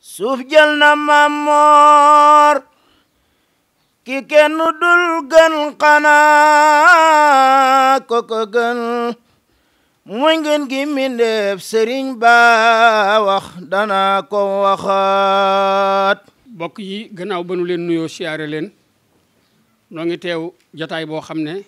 suuf jël na maam moor ki kenn dul gën xanaa koko gën mooy ngeen gi mindeef sëriñ ba wax dana ko waxaat bokk yi gannaaw ba nu leen nuyoo siyaare leen noo ngi teew jataay boo xam ne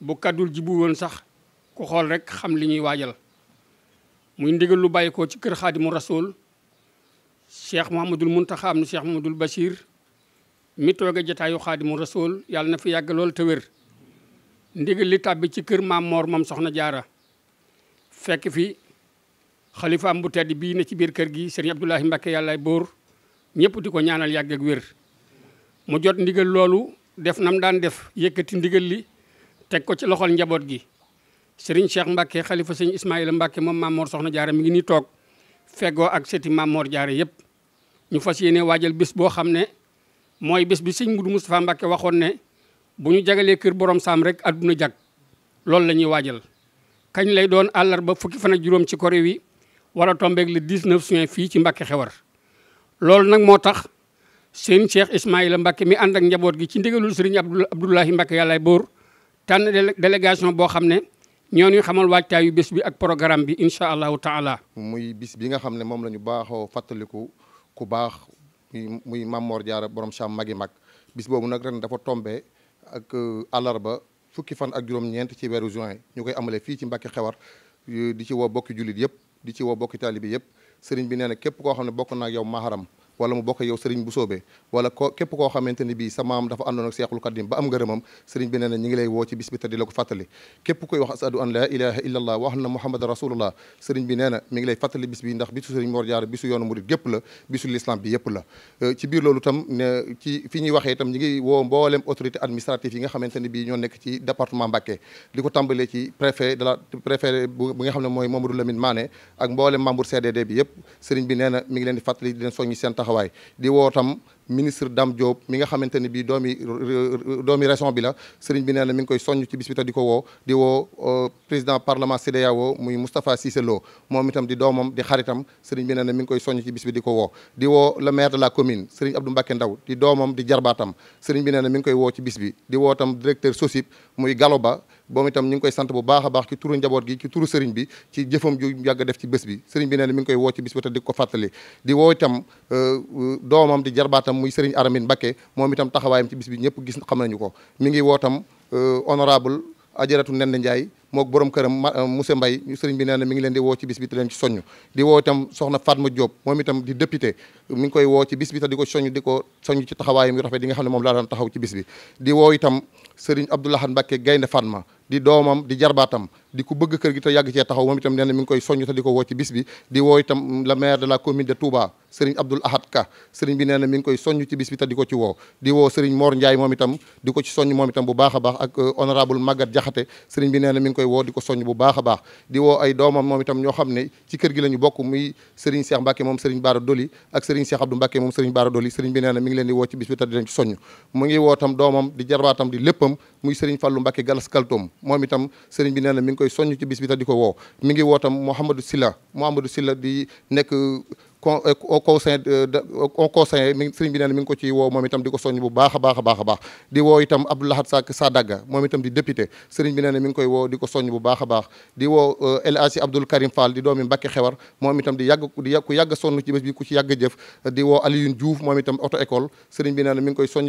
bu kàddul ji bu sax ku xool rek xam li ñuy waajal muy ndigal lu bàyyi ko ci kër xaadimu rasul cheikh Mouhamadul Mountakha am na cheikh Mouhamadul Bachir mi toog a jotaayu xaadimu rasool yàlla na fi yàgg loolu te wér. ndigal li tàbbi ci kër maam Mor moom soxna jaara fekk fi xalifaam bu tedd bii na ci biir kër gi sëriñ Abdoulahi Mbacke yàllaay bóor ñëpp di ko ñaanal yàgg ak wér. mu jot ndigal loolu def nam daan def yëkkati ndigal li teg ko ci loxol njaboot gi. sëriñ Cheikh Mbacke xalifa sëñ Ismaïla Mbacke moom maam Mor soxna jaara mi ngi nii toog. feggoo ak seti Maam Mor Jaara yëpp ñu fas yéene waajal bés boo xam ne mooy bés bi sëñ Mudu Moustapha Mbàkke waxoon ne bu ñu jagalee kër borom saam rek adduna jag loolu la ñuy waajal kañ lay doon àllarba fukki fan ak juróom ci kori wi war a tombeeg le 19 juin fii ci Mbàkke xewar loolu nag moo tax seen Cheikh Ismaïla Mbàkke mi ànd ak njaboot gi ci ndigalul sëriñ Abdoulahi Mbàkke yàllaay bóor tànn délégation boo xam ne ñoo ñu xamal waajtaayu bés bi ak programme bi incha allahu taala. muy bis bi nga xam ne moom la ñu baaxoo fàttaliku ku baax muy mamoor jaare Diarra borom Cham magi mag bis boobu nag ren dafa tombe ak euh, àllarba fukki fan ak juróom-ñeent ci weeru juin ñu koy amalee fii ci Mbàkke Xewar euh, di ci woo bokki jullit yëpp di ci woo bokki taalibi yëpp sëriñ bi nee na képp koo xam ne bokk naa ak yow maharam wala mu bokk yow sëriñ bu soobee wala ko képp koo xamante ni sa maam dafa àndoon seexul xadim ba am ngërëmam sëriñ bi nee na ñi ngi lay woo ci bis bi te di la ko fàttali képp koy wax asadu an laa ilaha illa allah ngi lay fàttali bis bi ndax euh, yi nga xamante ni bii ñoo nekk ci département Mbacké di ko mooy Mamadou Lamine Mané ak sëriñ bi nee mi ngi leen di fàttali di seen tax taxawaay di woo tam ministre Dame Diop mi nga xamante ne bii doomi doomi région bi la sëriñ bi nee na mi ngi koy soññ ci bis bi di ko woo di woo euh, président parlement CEDEAO muy Moustapha Cissé Lo moom itam di doomam di xaritam sëriñ bi nee na mi ngi koy soññ ci bis bi di ko woo di woo le maire de la commune sëriñ Abdou Mbacké Ndaw di doomam di jarbaatam sëriñ bi nee na mi ngi koy woo ci bis bi di woo tam directeur SOSIP muy Galoba boobu itam ñu ngi koy sant bu baax a baax ci turu njaboot gi ci turu sëriñ bi ci jëfam ju yàgg def ci bi sëriñ bi nee na mi ngi koy woo ci bis bi te di ko fàttali di woo itam euh, euh, muy sëriñ Aramine Mbakke moom itam taxawaayam ci bis bi ñëpp gis xam nañu ko mi ngi woo itam euh, honorable ajaratu Nende Ndiaye mook borom këram monsieur Mbaye sëriñ bi nee na ngi leen di woo ci bis bi te leen ci soññ di woo itam soxna Fatma Diop moom itam di député mi ngi koy woo ci bis bi te di ko soññ di ko soññ ci taxawaayam yu rafet yi nga xam ne moom laa taxaw ci bis bi di woo itam sëriñ Abdoulahan Mbakke Gaynde Fatma di doomam di jarbaatam di ku bëgg kër gi te yàgg cee taxaw moom itam nee na mi ngi koy soññ te di ko woo ci bis bi di woo itam le maire de la commune de Touba Serigne Abdoul Ahad Ka mi ngi koy soññ ci bis di ko ci woo di woo Serigne Mor Ndiaye ko ci soññ moom itam bu baax a baax ak euh, honorable Maguette Diakhaté bi nee na mi ngi koy woo di ko soññ bu baax a baax di woo ay doomam moom itam ñoo xam ne ci kër gi lañu ñu bokk muy Serigne Cheikh Mbacke moom Serigne Bara Doli ak Serigne Cheikh Abdou Mbacke moom Serigne Bara Doli Serigne bi nee na mi ngi leen di woo ci bis bi te di leen ci soññ mu ngi woo itam doomam di jarbaatam muy Serigne Fallou Mbacke Galas Kaltoom moom itam Serigne bi nee na mi ngi koy soññ ci bis bi te di ko woo mi ngi woo tam Silla Mouhamadou Silla di nekk con euh, au conseil bi nee na mi ci woo moom itam di ko soññ bu baax a baax di woo itam Abdou Lahad Seck Sadaga moom itam di député sëriñ bi nee na koy soññ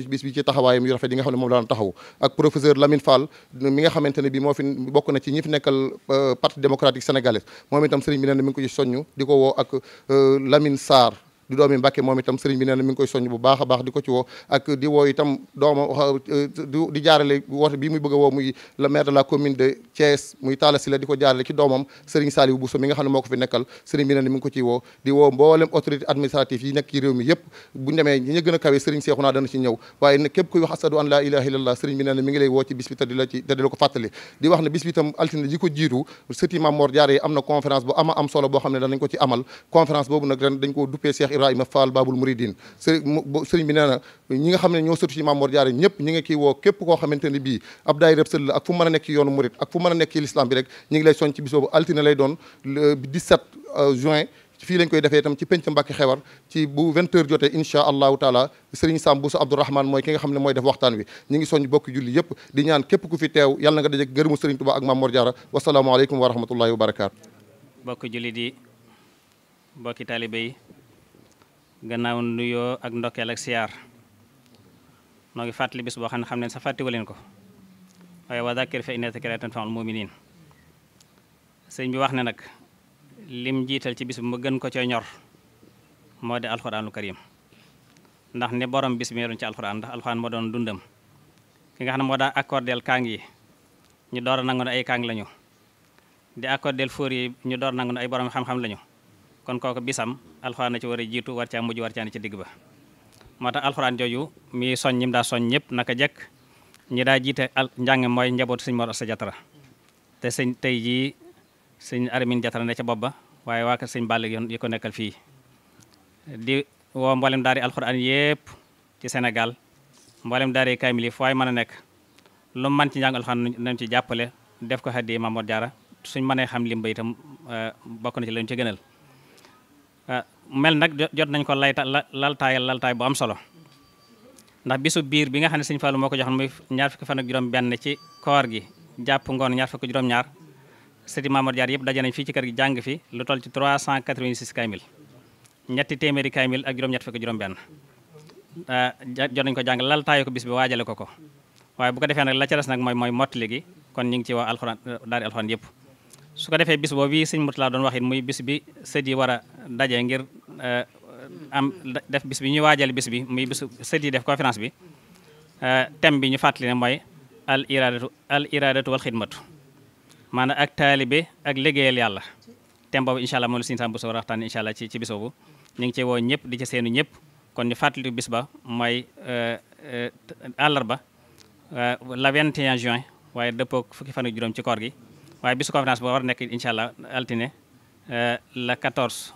bi ci yàgg mi rafet yi nga xam ne moom la daan ak professeur Lamine Fall mi nga xamante bi moo fi bokk na ci ñi nekkal euh, parti démocratique sénégalais moom itam sëriñ bi nee na mi ngi di ko woo ak euh, Lamine Lamine Sarr di doomi Mbàkke moom itam sëriñ bi nee na mi ngi koy soññ bu baax baax di ko ci woo ak di woo itam doomam uh, di jaarale woote bii muy bëgg a woo muy le maire de la commune de Thiès muy Talla Sylla di ko jaarale ci doomam sëriñ Saliou Bousso mi nga xam ne moo fi nekkal sëriñ bi nee na ko ci woo di woo mboolem autorité administrative yi nekk ci réew mi yëpp bu ñu demee ñi ñu gën a kawe sëriñ ci ñëw waaye ne képp wax asadu an laa ilaha na mi am solo boo xam ne danañ ko ci amal conférence boobu nag ren Ibrahima Fall Babul Mouridine sëriñ bi nee ñi nga xam ne ñoo sëtu ci Maam Mor Jaara ñëpp ñi ngi ciy woo képp koo xamante ne bii ab daay reb sël la ak fu mën a nekk ci yoonu murit ak fu mën a nekk ci bi rek ñi ngi lay soñ ci bis boobu altine lay doon euh, juin fii lañ koy defee tam ci penc Mbàkke xewar ci bu 20 heures jotee incha allahu taala sëriñ Sam Bousso Abdourahman mooy ki nga xam ne mooy def waxtaan wi ñi ngi soñ bokki julli yëpp di ñaan képp ku fi teew yàlla nga daje gërëmu sëriñ Tuubaa ak Maam Mor Jaara wasalaamualeykum wa rahmatullahi wa barakaatu bokki julli di bokki gannaaw nuyoo ak ndokkeel ak siyaar noo ngi fàttali bis boo xam ne xam ne sa fàttiwu leen ko waaye wa zakkir fa inna zikraa tanfa'ul mu'miniin sëñ bi wax ne nag lim jiital ci bis bi mu gën ko cay ñor moo di alxuraanul karim ndax ne borom bis bi meeloon ci alxuraan ndax alxuraan moo doon dundam ki nga xam ne moo daa accordeel kaang yi ñu door a nangu ne ay kaang lañu di accordeel fóor yi ñu door nangu ne ay borom xam-xam lañu kon kooku bisam alxuraan na ci war a jiitu war caa mujj war caa ne ci digg ba moo tax alxuraan jooju mi soñ ñim daa soñ ñëpp naka jekk ñi daa jiite al njàng mooy njabootu sëñ Mor ca bopp ba waa kër sëñ Bàll yoon yi ko nekkal fii di woo mboolem daari alxuraan yëpp ci Sénégal mboolem daari kaamil yi fu waay a nekk lu man ci njàng alxuraan nañ ci jàppale def ko xaddi Mamour Diarra suñ mënee xam lim ba itam euh, bokk na ci lañ ci gënal Eh, mel nag jot nañ ko layta laltaayal laltaay bu am solo ndax bisu biir bi nga xam ne sëñ Fallou moo ko joxoon muy ñaar fukki fan ak juróom benn ci koor gi jàpp ngoon ñaar fukki juróom ñaar sëti Mamour Diar ci kër gi jàng fi lu toll ci 386 kaymil ñetti téeméeri kaymil ak juróom-ñett fukki juróom benn eh, jot nañ ko jàng laltaayu ko bis bi waajale ko ko waaye bu ko defee nag la ca des nag mooy mooy mottali kon ñu ngi ci wax alxuraan eh, daari alxuraan yëpp su ko defee bis boobu bi sëñ Murtala doon wax it muy bis bi sët war a daje ngir eh, am def bis bi ñuy waajal bis bi muy bis sët yi def conférence bi eh, thème bi ñu fàttali ne mooy al iradatu al iradatu wal xidmatu maanaam ak taalibe ak liggéeyal yàlla thème boobu incha allah moom la sëñ Sam Bousso war a waxtaan incha allah ci ci bis ñu ngi ci woo ñëpp di ci seenu ñëpp kon ñu fàttali bis ba mooy eh, àllarba la 21 juin waaye dëppoo fukki fan juróom ci kor gi waaye bisu conférence ba war a nekk incha allah altine euh, la 14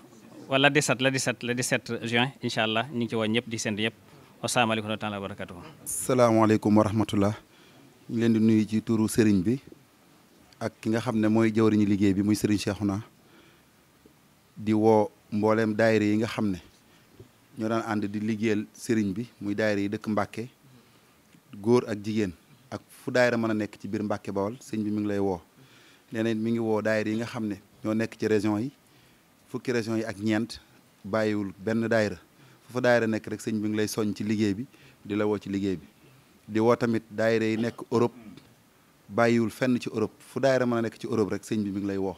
wala 17 la 17 le 17 juin incha allah ñu ngi ci woo ñëpp di seen yëpp wasalaamaaleykum wa rahmatulah wa barakatuh. salaamaaleykum wa rahmatulah ñu leen di nuyu ci tuuru Serigne bi ak ki nga xam ne mooy jawriñu liggéey bi muy Serigne Cheikhouna di woo mbooleem daayira yi nga xam ne ñoo daan ànd di liggéeyal Serigne bi muy daayira yi dëkk Mbàkke góor ak jigéen ak fu daayira mën a nekk ci biir Mbàkke Bawol sëñ bi mu ngi lay woo. nee na mi ngi woo daayira yi nga xam ne ñoo nekk ci région yi fukki région yi ak ñeent bàyyiwul benn daayira fu fa nekk rek sëñ bi ngi lay soñ ci liggéey bi di la woo ci liggéey bi di woo tamit daayira yi nekk Europe bàyyiwul fenn ci Europe fu daayira nekk ci Europe rek sëñ bi mi ngi lay woo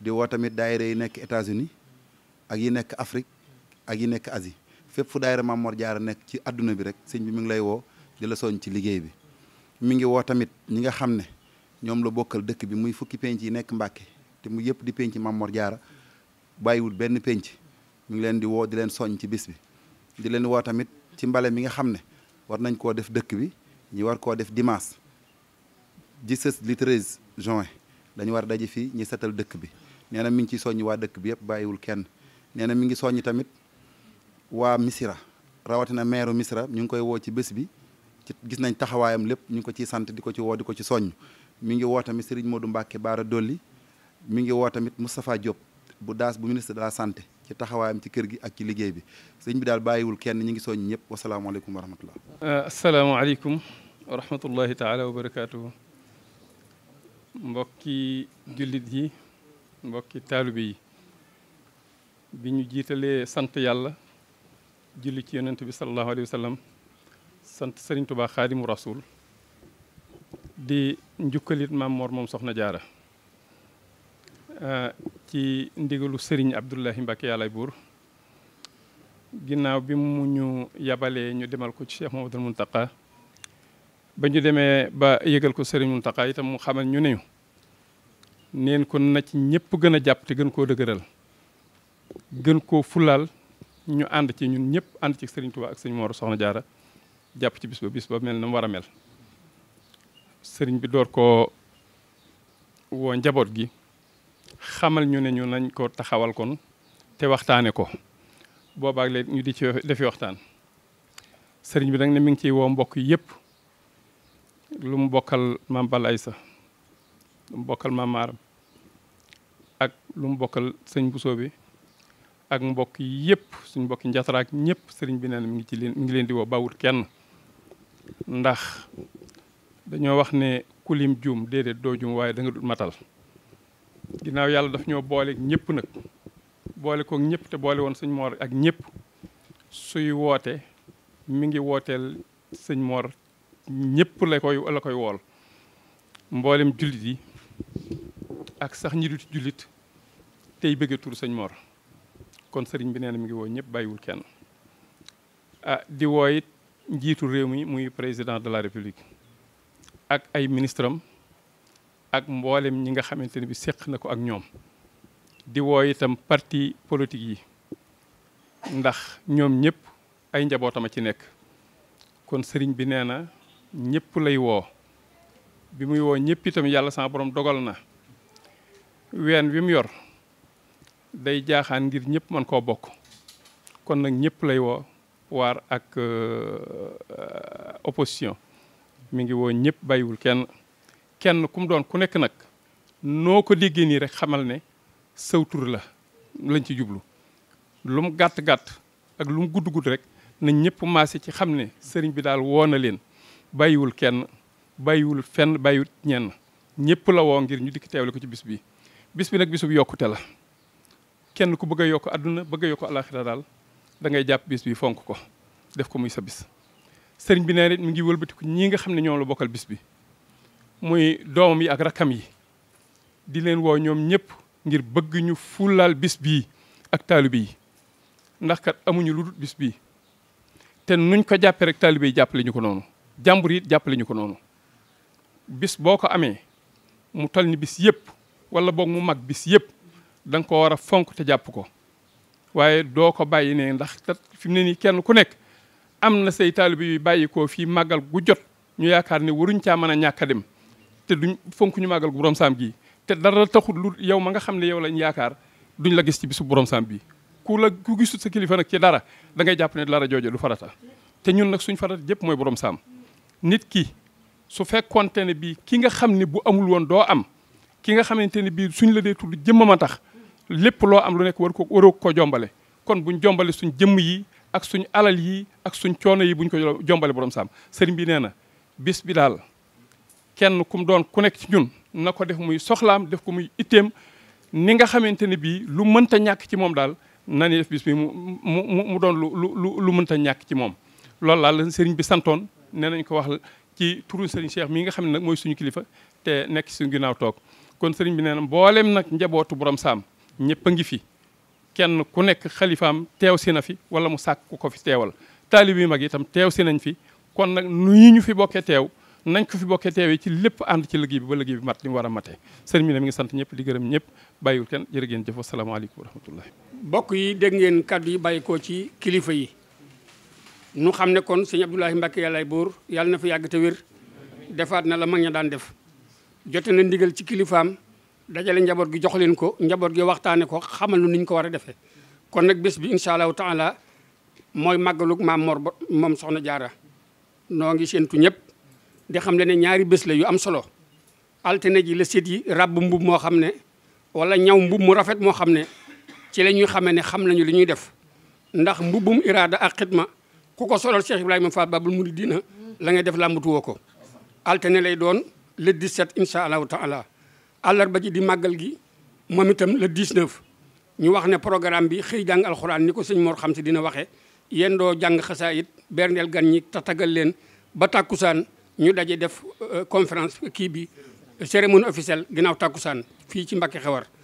di woo tamit daayira yi nekk États-Unis ak yi nekk Afrique ak yi nekk Asie fépp fu daayira Mame jaar a nekk ci àdduna bi rek sëñ bi mi ngi lay woo di la soñ ci liggéey bi mi ngi woo tamit ñi nga xam ne ñoom la bokkal dëkk bi muy fukki penc yi nekk Mbàkke te mu yëpp di penc Mame Mor Diarra bàyyiwul benn penc mu ngi leen di woo di leen soññ ci bis bi di leen woo tamit ci mbale mi nga xam ne war nañ koo def dëkk bi ñu war koo def dimanche di sës li 13 juin dañu war daje fii ñu setal dëkk bi nee na mi ngi ciy soññ waa dëkk bi yëpp bàyyiwul kenn nee na mi ngi soññ tamit waa Missira rawatina maire Missira ñu ngi koy woo ci bés bi ci gis nañ taxawaayam lépp ñu ngi ko ciy sant di ko ci woo di ko ci soññ mi ngi woo tamit Serigne Modou Mbacke Baara Dolli mi ngi woo tamit Moustapha Diop bu daas bu ministre de la ci taxawaayam ci kër gi ak ci liggéey bi sëñ bi daal bàyyiwul kenn ñu ngi soññ ñëpp wasalaamaaleykum wa rahmatullah. Euh, asalaamaaleykum wa rahmatullahi taala wa barakaatu. mbokki jullit yi mbokki taalibe yi bi ñu jiitalee sant yàlla julli ci yonent bi sallallahu alayhi wa sallam sant Serigne Touba Xaadimu Rasul. di njukkalit maam Mor moom soxna jaara ah, ci ndigalu sëriñ Abdoulahi Mbacke yàlla buur ginnaaw bi mu ñu yabalee ñu demal ko ci Cheikh Mamadou Mountakha ba ñu demee ba yëgal ko sëriñ Mountakha itam mu xamal ñu ne neen ko na ci ñëpp gën a jàpp te gën koo dëgëral gën koo fulaal ñu ànd ci ñun ñëpp ànd ci sëriñ Touba ak sëriñ Mor soxna jaara jàpp ci bis ba bis ba mel na war a mel. sëriñ bi door ko woo njaboot gi xamal ñu ne ñu nañ ko taxawal kon te waxtaane ko boobaag léegi ñu di ci defi waxtaan sëriñ bi nag ne mi ngi ciy woo mbokk yëpp lu mu bokkal maam Balla Aysa lu mu Maaram ak lu mu bokkal sëñ Buso bi ak mbokk yëpp suñ mbokki njataraak ñëpp sëriñ bi nee na mu ngi ci leen mi ngi leen di woo bawut kenn ndax dañoo wax ne kulim juum déedéet doo juum waaye danga nga matal ginnaaw yàlla daf ñoo booleek ñëpp nag boole kook ñëpp te boole woon sëñ moor ak ñëpp suy woote mi ngi wooteel sëñ moor ñëpp la koy la koy wool mboolem jullit yi ak sax ñi dut jullit tey bëgga tur sëñ moor kon sëriñ bi nee na mi ngi woo ñëpp bàyyiwul kenn ah di woo it njiitu réew mi muy président de la république ak ay ministre am ak mboolem ñi nga xamante ne bi séq na ko ak ñoom di woo itam parti politique yi ndax ñoom ñëpp ay njabootama ci nekk kon sëriñ bi nee na ñëpp lay woo bi muy woo ñëpp itam yàlla sama borom dogal na ween wi mu yor day jaaxaan ngir ñëpp mën koo bokk kon nag ñëpp lay woo waar ak euh, opposition mi ngi woo ñëpp bàyyiwul kenn kenn ku mu doon ku nekk nag noo ko déggee nii rek xamal ne saw tur la lañ ci jublu lu mu gàtt gàtt ak lu mu gudd gudd rek na ñëpp maase ci xam ne sëriñ bi daal woo na leen bàyyiwul kenn bàyyiwul fenn bàyyiwul ñenn ñëpp la woo ngir ñu dikk teewle ko ci bis bi. bis bi nag bisub yokkute la kenn ku bëgg a yokk àdduna bëgg a yokk alaxira daal da ngay jàpp bis bi fonk ko def ko muy sa bis. sëriñ bi nee na mi ngi wëlbatiku ñii nga xam ne ñoom la bokkal bis bi muy doomam yi ak rakkam yi di leen woo ñoom ñëpp ngir bëgg ñu fulaal bis bii ak taalibe yi ndax kat amuñu lu dul bis bii te nuñ ko jàppee rek taalibe yi jàppale ñu ko noonu jàmbur yit jàppale ñu ko noonu bis boo ko amee mu toll ni bis yëpp wala boog mu mag bis yëpp da ko war a fonk te jàpp ko waaye doo ko bàyyi nee ndax kat fi mu ne nii kenn ku nekk am na say taalibe yuy bàyyikoo fii màggal gu jot ñu yaakaar ne waruñ caa mën a ñàkk a dem te duñ fonk ñu màggal gu borom saam gii te dara taxul lu yow ma nga xam ne yow lañ yaakaar duñ la gis ci bisu borom saam bii ku la ku gisut sa kilifa nag ci dara da ngay jàpp ne dara joojo du farata te ñun nag suñ farata jëpp mooy borom saam nit ki su fekkonte ne bii ki nga xam ne bu amul woon doo am ki nga xamante ne bii suñ la dee tudd jëmmam a tax lépp loo am lu nekk war ko waroo ko jombale kon buñ jombale suñ jëmm yi ak suñ alal yi ak suñ coono yi buñ ko jombale borom saam sëriñ bi nee na bis bi daal kenn kum doon ku nekk ci ñun na ko def muy soxlaam def ko muy itteem ni nga xamante ne bii lu mënta ñàkk ci moom daal na ni def bis bi mu mu doon lu lu lu mënta ñàkk ci moom. loolu daal la sëriñ bi santoon nee nañ ko wax ci turu sëriñ Cheikh mii nga xam ne nag mooy suñu kilifa te nekk suñu ginnaaw toog kon sëriñ bi nee na mboolem nag njabootu borom saam ñëpp a ngi fi. kenn ku nekk xalifaam teew si na fi wala mu sàkk ku ko fi teewal taalib yu mag itam teew si nañ fi kon nag nu ñu fi bokkee teew nañ ko fi bokkee teewee ci lépp ànd ci liggéey bi ba liggéey bi mat li mu war a matee sëriñ bi ne mi ngi sant ñëpp di gërëm ñëpp bàyyiwul kenn jërë ngeen jëf wasalaamaaleykum wa rahmatullahi bokk yi dégg ngeen kàddu yi bàyyi koo ci kilifa yi nu xam ne kon sëñ Abdoulahi Mbacke yàllaay buur yàlla na fi yàgg te wér defaat na la mag ña daan def jote ci kilifaam dajale njaboot gi jox leen ko njaboot gi waxtaane ko xamal nu niñ ko war a defee kon nag bés bi incha allahu taala mooy màggalug maam Mor ba moom soxna jaara noo ngi séentu ñëpp di xam le ne ñaari bés la yu am solo altine ji la sét yi ràbb mbub moo xam ne wala ñaw mbub mu rafet moo xam ne ci la ñuy xamee ne xam nañu li ñuy def ndax mbubum iraada ak xidma ku ko solal Cheikh Ibrahima mu Babul Mouridina la ngay def làmbatu ko altine lay doon le 17 incha allahu taala àllarba ji di màggal gi moom itam le 19 ñu wax ne programme bi xëy jàng alxuraan ni ko sëñ Mor xam si dina waxee yendoo jàng it berndeel gan ñi tatagal leen ba tàkkusaan ñu daje def euh, conférence kii bi cérémonie officielle ginnaaw tàkkusaan fii ci Mbàkke Xewar